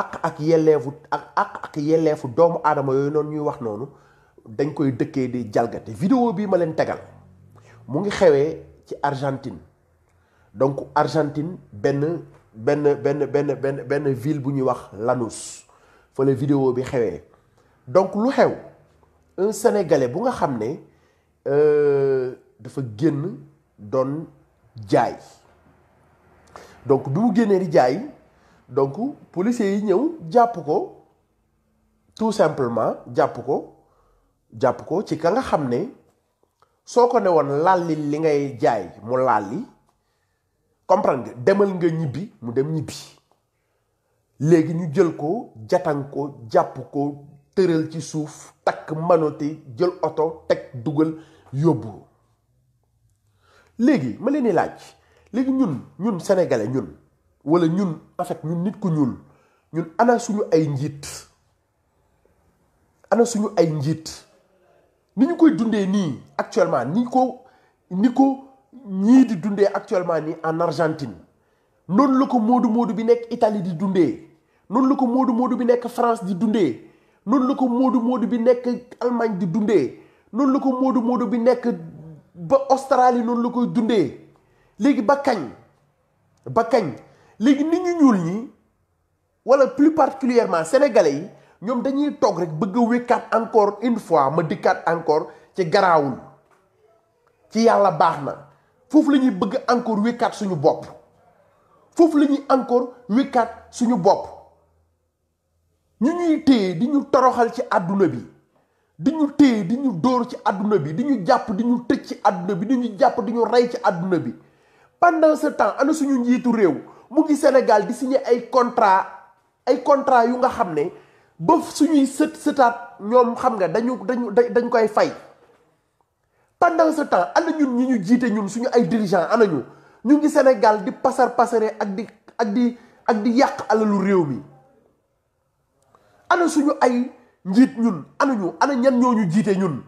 ak ak yelleefu ak doomu aadama yooyu noonu ñuy wax noonu dañ koy dëkkee di jalgate vidéo bii ma leen tegal mu ngi xewee ci Argentine donc Argentine benn benn benn benn benn benn ville bu ñuy wax Lanús fa la vidéo bi xewee donc lu xew un bu nga xam ne euh, dafa génn doon jaay donc bi mu génnee di jaay donc policier yi ñëw jàpp ko tout simplement jàpp ko jàpp ko ci ka nga xam ne soo ko ne woon laalli li ngay jaay mu laalli li nga demal nga ñibbi mu dem ñibbi léegi ñu jël ko jatan ko jàpp ko tëral ci suuf takk manote jël oto teg dugal yóbbu léegi ma leen di laaj léegi ñun ñun sénégalais ñun wala ñun en ñun nit ko ñuul ñun ana suñu ay njiit ana suñu ay njiit ni ñu koy dundee nii actuellement ni ko ni ko ñii di dundee actuellement nii en Argentine noonu la ko moodu moodu bi nekk Italie di dundee noonu la ko moodu moodu bi nekk France di dundee noonu la ko moodu moodu bi nekk Allemagne di dundee noonu la ko moodu moodu bi nekk ba Australie noonu la koy dundee léegi ba kañ ba kañ léegi nit ñu ñuul ñi wala plus particulièrement sénégalais yi ñoom dañuy toog rek bëgg a wékkaat encore une fois ma dikkaat encore ci garaawul ci yàlla baax na foofu la ñuy bëgg encore wékkaat suñu bopp foofu la ñuy encore wékkaat suñu bopp ñu ñuy téye di ñu toroxal ci àdduna bi di ñu téye di ñu dóor ci àdduna bi di ñu jàpp di ñu tëj ci àdduna bi di ñu jàpp di ñu rey ci àdduna bi pendant ce temps ana suñu njiitu réew mu ngi Sénégal di signé ay contrat ay contrat yu nga xam ne ba suñuy sët sëtaat ñoom xam nga dañu dañu dañ koy fay pendant sa temps ana ñun ñu ñu jiite ñun suñu ay dirigeants ana ñu ñu ngi Sénégal di pasar pasare ak di ak di ak di yàq alalu réew mi ana suñu ay njiit ñun ana ñu ana ñan ñoo ñu jiite ñun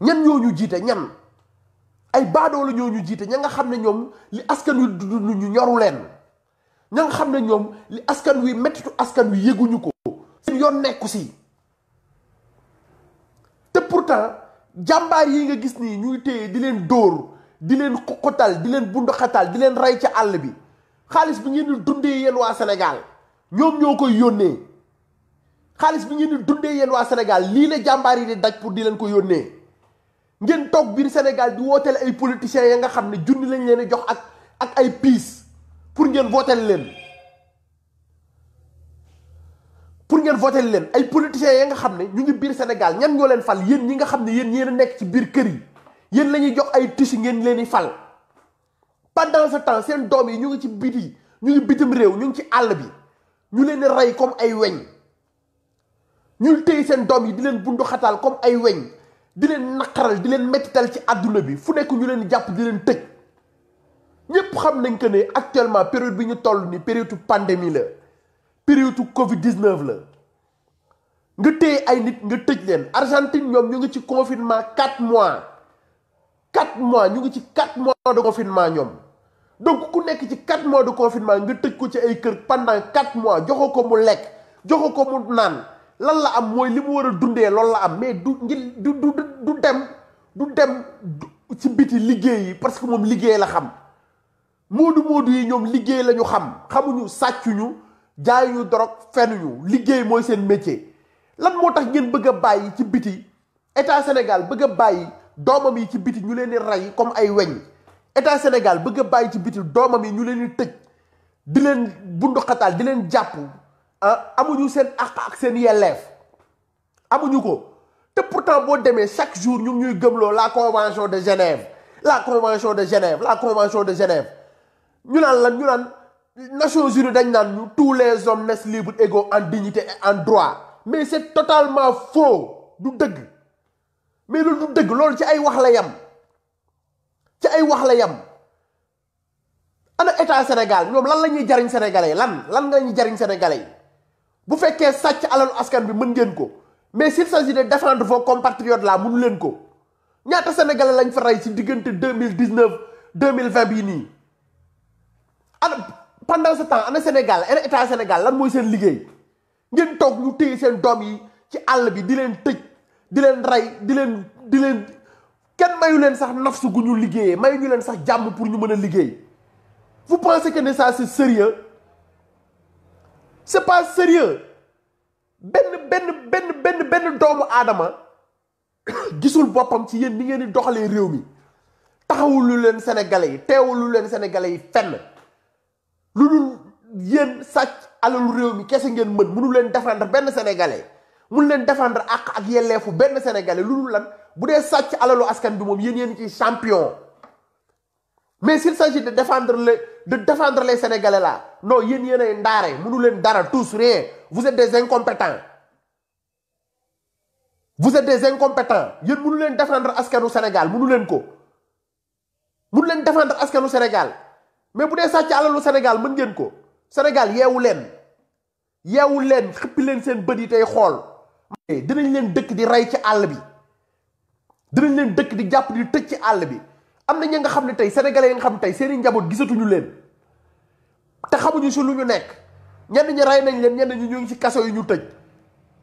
ñan ñoo ñu jiite ñan. ay baadoo la ñoo ñu jiite ña nga xam ne ñoom li askan wi dund ñu ñoru leen ña xam ne ñoom li askan wi mettitu askan wi yéguñu ko seen yoon nekku si te pourtant jàmbaar yi nga gis nii ñuy téye di leen dóor di leen xoqatal di leen bunduxatal di leen rey ci àll bi xaalis bi ngeen di dundee yéen waa Sénégal ñoom ñoo koy yónnee xaalis bi ngeen di dundee yéen waa Sénégal lii la jàmbaar yi di daj pour di leen ko yónnee ngeen toog biir Sénégal di wooteel ay politiciens ya nga xam ne junni lañ leen jox ak ak ay piis pour ngeen wooteel leen pour ngeen votel leen ay politiciens ya nga xam ne ñu ngi biir Sénégal ñan ñoo leen fal yéen ñi nga xam ne yéen yéen a nekk ci biir kër yi yéen la ñuy jox ay tisi ngeen leen di fal pendant ce temps seen doom yi ñu ngi ci biti ñu ngi bitim réew ñu ngi ci àll bi ñu leen di rey comme ay weñ ñu téye seen doom yi di leen bundu xataal comme ay weñ di leen naqaral di leen mettital ci àdduna bi fu nekk ñu leen jàpp di leen tëj ñëpp xam nañ que ne actuellement période bi ñu toll ni période pandémie la période Covid 19 la nga téye ay nit nga tëj leen Argentine ñoom ñu ngi ci confinement 4 mois 4 mois ñu ngi ci 4 mois de confinement ñoom donc ku nekk ci 4 mois de confinement nga tëj ko ci ay kër pendant 4 mois joxoo ko mu lekk joxoo ko mu naan. lan la am mooy li mu war a dundee loolu la am mais du ngir du du du dem du dem ci biti liggéey yi parce que moom liggéey la xam moodu moodu yi ñoom liggéey lañu xam xamuñu sàccuñu jaayuñu dorog fenuñu liggéey mooy seen métier lan moo tax ngeen bëgg a bàyyi ci biti état Sénégal bëgg a bàyyi doomam yi ci biti ñu leen di rey comme ay weñ état Sénégal bëgg a bàyyi ci biti doomam yi ñu leen di tëj di leen bunduxataal di leen jàpp Euh, amuñu seen àq ak seen yelleef amuñu ko te pourtant boo demee chaque jour ñu ngi ñuy gëmloo la convention de Genève la convention de Genève la convention de Genève ñu naan lan ñu naan Nations Unies dañ naan ñu tous les hommes naissent libres égaux en dignité et en droit mais c'est totalement faux du dëgg mais loolu du dëgg loolu ci ay wax la yam ci ay wax la yam ana état Sénégal ñoom lan la ñuy jariñ sénégalais lan lan nga ñuy jariñ sénégalais bu fekkee sàcc alalu askan bi mën ngeen ko mais s'il s'agit de défendre vos compatriotes là munu leen ko ñaata sénégalais lañ fa rey ci diggante deux mille dix neuf deux mille vingt bii nii ana pendant ce temps ana Sénégal ana état Sénégal lan mooy seen liggéey ngeen toog ñu téye seen doom yi ci àll bi di leen tëj di leen rey di leen di leen kenn mayu leen sax nafsu gu ñu liggéeyee mayu ñu leen sax jàmm pour ñu mën a liggéey vous pensez que ne ça c'est sérieux c'est pas sérieux benn benn benn benn benn doomu aadama gisul boppam ci yéen ni ngeen di doxalee réew mi taxawul lu leen sénégalais yi teewalu leen sénégalais yi fenn lu dul yéen sàcc alalu réew mi kese ngeen mën mënu leen défendre benn sénégalais mënu leen défendre àq ak yelleefu benn sénégalais lu dul lan bu dee sàcc alalu askan bi moom yéen yéen ci champion mais s'il sa de défendre le de défendre les Sénégalais là non yéen yéen ay ndaare mënu leen dara tous rien vous êtes des incompétents vous êtes des incompétents yéen mënu leen défendre askanu Sénégal mënu leen ko mënu leen défendre askanu Sénégal mais bu dee sàcc alalu Sénégal mën ngeen ko Sénégal yeewu leen yeewu leen xëppi leen seen bët yi tey xool dinañ leen dëkk di rey ci àll bi dinañ leen dëkk di jàpp di tëj ci àll bi am na ñi nga xam ne tey sénégale yi nga xam ne tey seeni njaboot gisatuñu leen te xamuñu si lu ñu nekk ñenn ñi rey nañ leen ñenn ñi ñu ngi ci kaso yi ñu tëj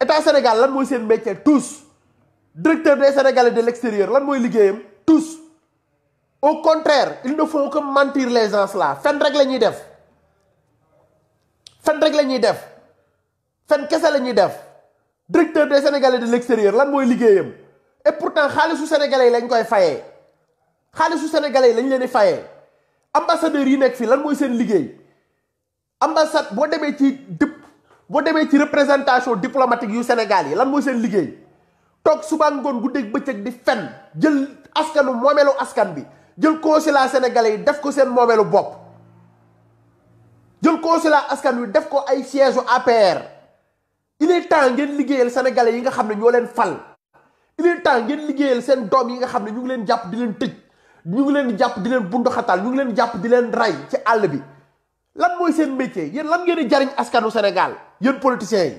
état Sénégal lan mooy seen métier tous directeur des sénégalais de l'extérieur lan mooy liggéeyam tous au contraire ils ne font que mentir les gens là rek la ñuy def fen rek la ñuy def fen kese la ñuy def directeur des sénégalais de l'extérieur lan mooy liggéeyam et pourtant xaalisu sénégalais yi lañ koy fayee. xaalisu senegale yi lañ leen di fayee ambassadeurs yi nekk fii lan mooy seen liggéey ambassade boo demee ci dëpp boo demee ci représentation diplomatique yu Sénégal yi lan mooy seen liggéey toog suba ngoon guddeeg bëccëg di fen jël askanu moomeelu askan bi jël koo consulat sénégalais yi def ko seen moomeelu bopp jël koo consulat askan wi def ko ay siège u APR il est temps ngeen liggéeyal sénégalais yi nga xam ne ñoo leen fal il est ngeen liggéeyal seen doom yi nga xam ne ñu leen jàpp di leen tëj ñu ngi leen jàpp di leen bunduxataal ñu ngi leen jàpp di leen rey ci àll bi lan mooy seen métier yéen lan ngeen di jariñ askanu Sénégal yéen politiciens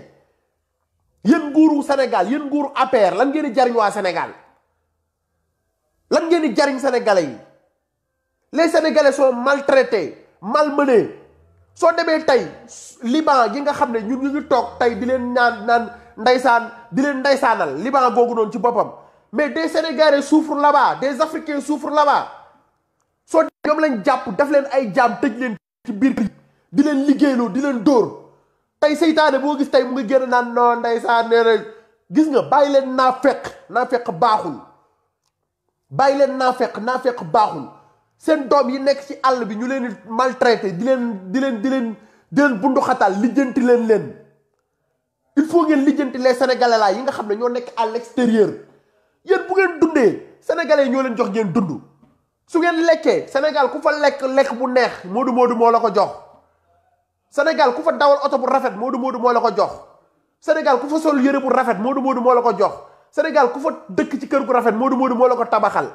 yi yéen nguuru Sénégal yéen nguuru APR lan ngeen di jariñ waa Sénégal lan ngeen di jariñ sénégalais yi les sénégalais sont maltraités malmenés soo demee tey Liban gi nga xam ne ñun ñu ngi toog tey di leen naan naan ndeysaan di leen ndeysaanal Liban googu noonu ci boppam. mais des Sénégalais souffrent là-bas des Africains souffrent là-bas soo ñoom lañ jàpp daf leen ay jaam tëj leen ci biir di leen liggéeyloo di leen dóor tey seytaane boo gis tey mu ngi génn naan non ndeysaan nee na gis nga bàyyi leen naa fekk naa fekk baaxul bàyyi leen naa fekk naa fekk baaxul seen doom yi nekk ci àll bi ñu leen di di leen di leen di leen di leen bunduxatal lijjanti leen leen il faut ngeen lijjanti lee sénégalais la yi nga xam ne ñoo nekk à l'extérieur yéen bu ngeen dundee sénégalais ñoo leen jox ngeen dund su ngeen lekkee Sénégal ku fa lekk lekk bu neex moo du moo du moo la ko jox Sénégal ku fa dawal oto bu rafet Modou Modou moo la ko jox Sénégal ku fa sol yére bu rafet Modou Modou moo la ko jox Sénégal ku fa dëkk ci kër gu rafet moo du moo du moo la ko tabaxal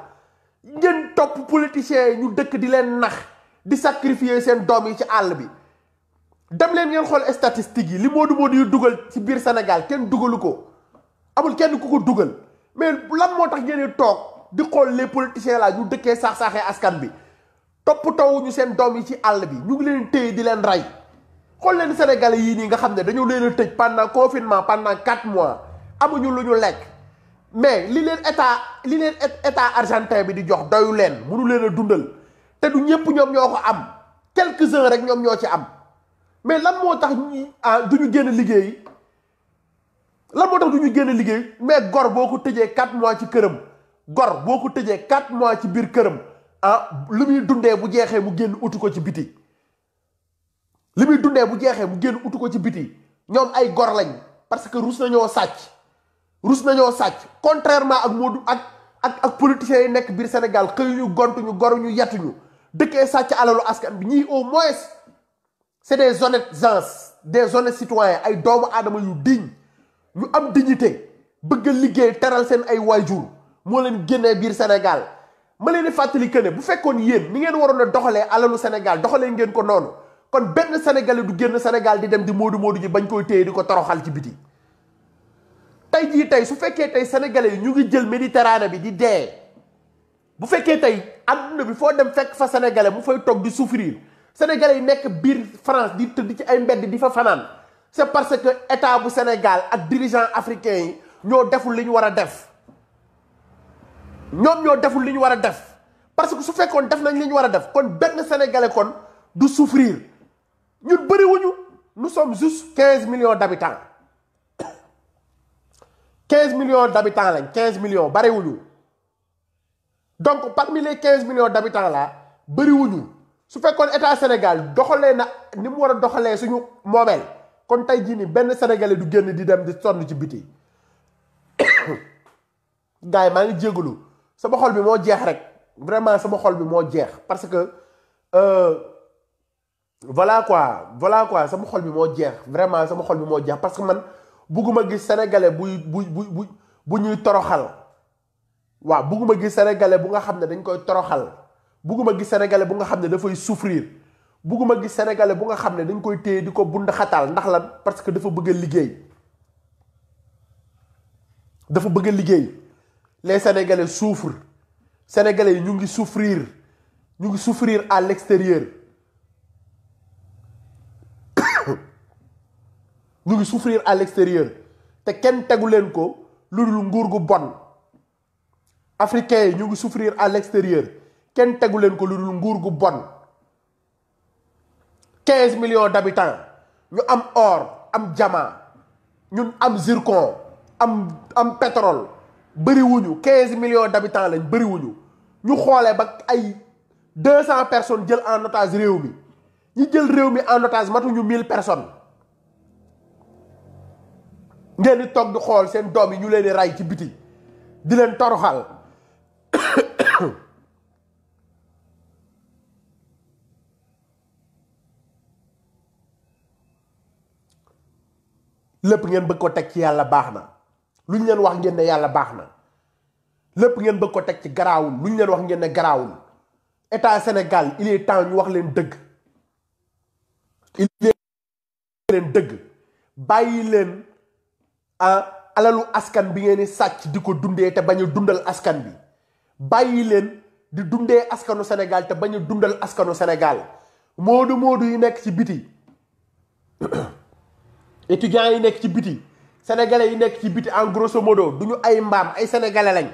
ngeen topp politiciens yi ñu dëkk di leen nax di sacrifier seen doom yi ci àll bi dem leen ngeen xool statistiques yi li moo Modou Modou yu dugal ci biir Sénégal kenn dugalu ko amul kenn ku ko dugal mais lan moo tax ngeen toog di xool les politiciens la ñu dëkkee saax-saaxee askan bi topp toppatoo ñu seen doom yi ci àll bi ñu ngi leen téye di leen rey xool leen sénégalais yii nii nga xam ne dañu leen a tëj pendant confinement pendant quatre mois amuñu lu ñu lekk mais li leen état li leen état argentin bi di jox doyu leen mënu leen a dundal te du ñëpp ñoom ñoo ko am quelques-uns rek ñoom ñoo ci am mais lan moo tax ñi ah du ñu génn liggéey lan moo tax du ñu génn liggéey mais gor boo ko tëjee 4 mois ci këram gor boo ko tëjee 4 mois ci biir këram ah li muy dundee bu jeexee mu génn utu ko ci biti li muy dundee bu jeexee mu génn utu ko ci biti ñoom ay gor lañ parce que rus nañoo sàcc rus nañoo sàcc contrairement ak Modou ak ak ak politiciens yi nekk biir Sénégal xëyuñu gontuñu ñu yetuñu dëkkee sàcc alalu askan bi ñii au moins c'est des honnêtes gens des honnêtes citoyens ay doomu aadama yu digne yu am dignité bëgg a liggéey teral seen ay waajur moo leen génnee biir Sénégal ma leen di fàttali que ne bu fekkoon yéen ni ngeen waroon a doxalee alalu Sénégal doxalee ngeen ko noonu kon benn sénégalais du génn Sénégal di dem di moodu moodu ji bañ koy téye di ko toroxal ci biti. tey jii tey su fekkee tey sénégalais yi ñu ngi jël méditerranée bi di dee bu fekkee tey àdduna bi foo dem fekk fa sénégalais mu fay toog di souffrir sénégalais yi nekk biir France di tëdd ci ay mbedd di fa fanaan. c' est parce que état bu Sénégal ak dirigeants africain yi ñoo deful li ñu war a def ñoom ñoo deful li ñu war a def parce que su fekkoon def nañ li ñu war a def kon benn sénégalais kon du souffrir ñun bëriwuñu nous sommes juste quinze millions d' habitants quinze millions d' habitants lañ quinze millions bëriwuñu donc parmi les quinze millions d' habitants là bëriwuñu su fekkoon état Sénégal doxalee na ni mu war a doxalee suñu moomeel. kon tey jii nii benn sénégalais du génn di dem di sonn ci biti gars yi maa ngi jégalu sama xol bi moo jeex rek vraiment sama xol bi moo jeex parce que euh, voilà quoi voilà quoi sama xol bi moo jeex vraiment sama xol bi moo jeex parce que man bugguma gis sénégalais buy bu bu bu ñuy toroxal waaw bugguma gis sénégalais bu nga xam ne dañ koy toroxal bugguma gis sénégalais bu nga xam ne dafay souffrir bugguma gis sénégalais bu nga xam ne dañ koy téye di ko bund xataal ndax lan parce que dafa bëgg liggéey dafa bëgg liggéey les sénégalais suufur sénégalais yi ñu ngi souffrir ñu ngi souffrir à l'extérieur ñu ngi souffrir à l'extérieur te kenn tegu leen ko lu dul nguur gu bon africains yi ñu ngi souffrir à l'extérieur kenn tegu leen ko lu dul nguur gu bon quinze millions d'habitants ñu am or am diamant ñun am zircon am am pétrole bëriwuñu quinze millions d'habitants lañ bëriwuñu ñu xoolee ba ay deux cent personnes jël en notage réew mi ñi jël réew mi en otage matuñu mille personne ngeen di toog di xool seen doom yi ñu leen di rey ci biti di leen toroxal lépp ngeen bëgg ko teg ci yàlla baax na lu ñu leen wax ngeen ne yàlla baax na lépp ngeen bëgg ko teg ci garaawul lu ñu leen wax ngeen ne garaawul état senegal il est temps ñu wax leen dëgg il est leen dëgg bàyyi leen ah, alalu askan bi ngeen di sàcc di ko dundee te bañ dundal askan bi bàyyi leen di dundee askanu Sénégal te bañ dundal askanu senegal moodu moodu yi nekk ci biti étudiants yi nekk ci biti sénégalais yi nekk ci biti en grosso modo du ñu ay mbaam ay sénégalais lañ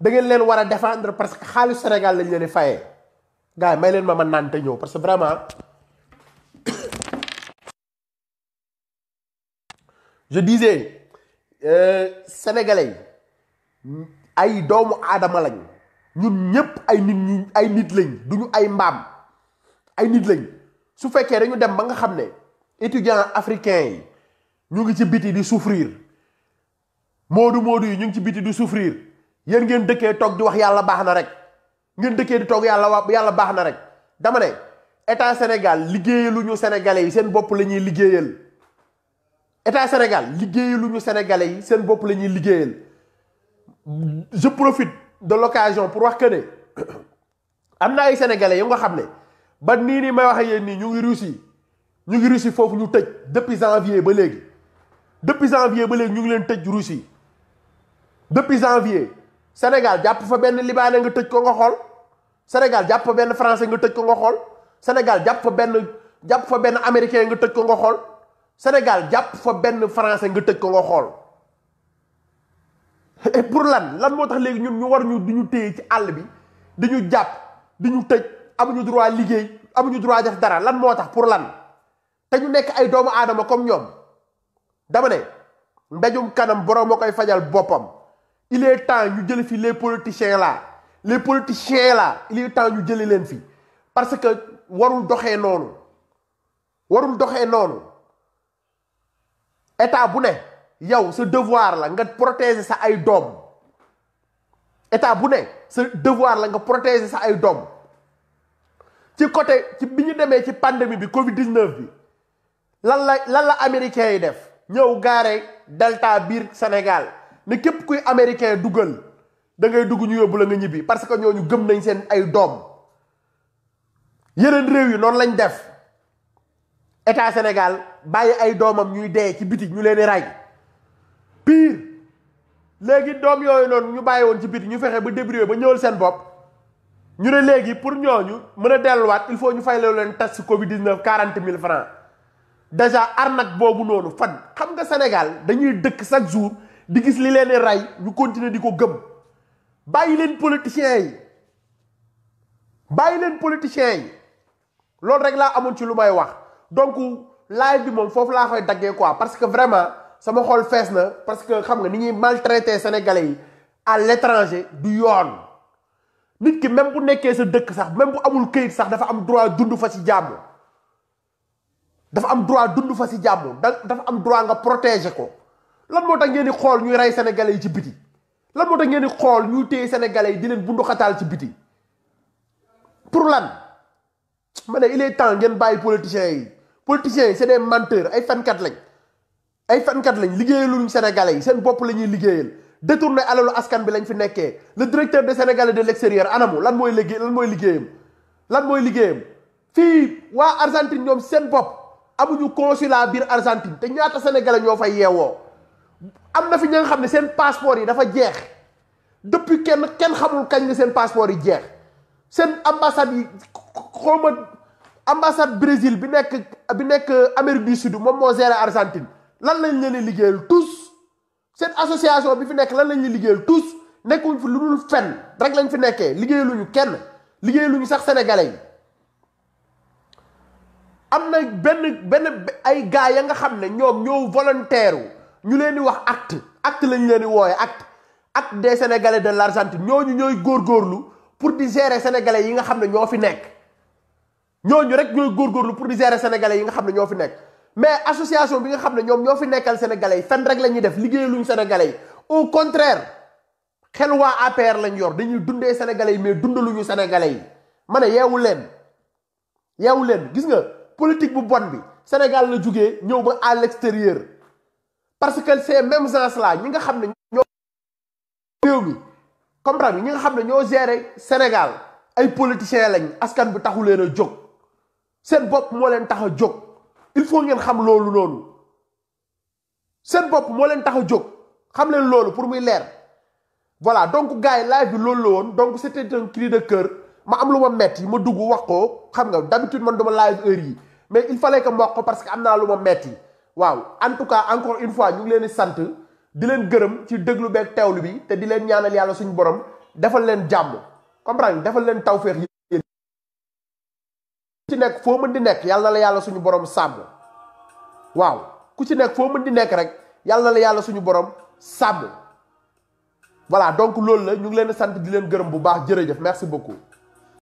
dangeen leen war a défendre parce que xaalis Sénégal lañ leen di fayee gars yi may leen ma mën naan te ñëw parce que vraiment je disais euh, sénégalais yi ay doomu aadama lañ ñun ñëpp ay nit ñu ay nit lañ du ñu ay mbaam ay nit lañ su fekkee dañu dem ba nga xam ne. étudiants africains yi ñu ngi ci biti di souffrir moodu moodu yi ñu ngi ci biti di souffrir yéen ngeen dëkkee toog di wax yàlla baax na rek ngeen dëkkee di toog yàlla wa yàlla baax na rek dama ne état Sénégal ñu sénégalais yi seen bopp la ñuy liggéeyal état Sénégal ñu sénégalais yi seen bopp la ñuy liggéeyal je profite de l'occasion pour wax que am na ay sénégalais yu nga xam ne ba nii nii may wax ak yéen nii ñu ngi Russie ñu ngi Russie foofu ñu tëj depuis janvier ba léegi depuis janvier ba léegi ñu ngi leen tëj Russie depuis janvier Sénégal jàpp fa benn libaane nga tëj ko nga xool Sénégal jàpp fa benn français nga tëj ko nga xool Sénégal jàpp fa benn jàpp fa benn américain nga tëj ko nga xool Sénégal jàpp fa benn français nga tëj ko nga et pour lan lan moo tax léegi ñun ñu war ñu di ñu téye ci àll bi di ñu jàpp di ñu tëj amuñu droit liggéey amuñu droit def dara lan moo tax pour lan. te ñu nekk ay doomu aadama comme ñoom dama ne mbéjum kanam borom a koy fajal boppam il est temps ñu jële fi les politiciens là le politiciens là il est temps ñu jële leen fi parce que warul doxee noonu warul doxee noonu état bu ne yow sa devoir la nga protéger sa ay doom état bu ne sa devoir la nga protéger sa ay doom ci côté ci bi ñu demee ci pandémie bi Covid 19 bi. lan la lan la américains yi def ñëw gaare delta biir Sénégal ne képp kuy américain duggal dangay dugg ñu yóbbu la nga ñibbi parce que ñoo ñu gëm nañ seen ay doom yeneen réew yi noonu lañu def état senegal bàyyi ay doomam ñuy dee ci biti ñu leen di rey pire léegi doom yooyu noonu ñu bàyyi woon ci biti ñu fexe ba débrouiller ba ñëwal seen bopp ñu ne léegi pour ñu mën a delluwaat il faut ñu fay leen test Covid 19 40 mille francs déjà arnaque boobu noonu fan xam nga Sénégal dañuy dëkk chaque jour di gis li leen rey ñu continuer di ko gëm bàyyi leen politiciens yi bàyyi leen politiciens yi loolu rek laa amoon ci lu may wax donc live bi moom foofu laa koy daggee koi parce que vraiment sama xool fees na parce que xam nga ni ñuy maltraité sénégalais yi à l'étranger du yoon nit ki même bu nekkee sa dëkk sax même bu amul kayit sax dafa am droit dund fa si jàmm dafa am droit dund fa si jàmm dafa am droit nga protégé ko lan moo tax ngeen di xool ñuy rey sénégalais yi ci biti lan moo ngeen di xool ñuy téye sénégalais yi di leen bunduxataal ci biti pour lan ma ne il est temps ngeen bàyyi politiciens yi politiciens yi c'est des ay fenkat lañ ay fenkat lañ liggéeyaluñ sénégalais yi seen bopp la ñuy liggéeyal détourné alalu askan bi lañ fi nekkee le directeur des sénégalais de l'extérieur anamu lan mooy liggéey lan mooy liggéeyam lan mooy liggéeyam fii waa Argentine ñoom seen bopp amuñu consulat biir Argentine te ñaata sénégalais ñoo fay yeewoo am na fi ña xam ne seen passeport yi dafa jeex depuis kenn kenn xamul kañ la seen passeport yi jeex seen ambassade yi xawma ambassade Brésil bi nekk bi nekk Amérique du Sud moom moo géré Argentine lan lañ leen liggéeyal tous seen association bi fi nekk lan lañ leen liggéeyal tous nekkuñ fi lu dul fenn rek lañ fi nekkee ñu kenn lu liggéeyaluñu sax sénégalais yi. am na benn benn ay gars ya nga xam ne ñoom ñoo volontaire ñu leen di wax acte acte lañ leen di wooye acte acte des sénégalais de l'Argentine ñooñu ñooy góorgóorlu pour di gérer sénégalais yi nga xam ne ñoo fi nekk ñooñu rek ñooy góorgóorlu pour di gérer sénégalais yi nga xam ne ñoo fi nekk mais association bi nga xam ne ñoom ñoo fi nekkal sénégalais yi fen rek la ñuy def liggéeyaluñ sénégalais yi au contraire xel waa APR lañ yor dañuy dundee sénégalais yi mais dundaluñu sénégalais yi ma ne yeewu leen yeewu leen gis nga. politique bu bon bi Sénégal la jógee ñëw ba à l'extérieur parce que ces même gens là ñi nga xam ne ñoo réew mi comprendre ñi nga xam ne ñoo gérer Sénégal ay politiciens lañ askan bi taxu leen a jóg seen bopp moo leen tax a jóg il faut ngeen xam loolu noonu seen bopp moo leen tax a jóg xam leen loolu pour muy leer voilà donc gars yi live bi loolu la woon donc c'était un cri de cœur ma am lu ma yi ma dugg wax ko xam nga d'habitude man duma live heure yi mais il fallait que mboq parce que am naa lu ma metti waaw en tout cas encore une fois ñu ngi leen sant di leen gërëm ci déglu beeg teewlu bi te di leen ñaanal yàlla suñu borom defal leen jàmm comprendre defal leen tawféex yi ci nekk foo mën di nekk yàlla na la yàlla suñu borom sàmm waaw ku ci nekk foo mën di nekk rek yàlla na la yàlla suñu borom sàmm voilà donc loolu la ñu ngi leen sant di leen gërëm bu baax jërëjëf merci beaucoup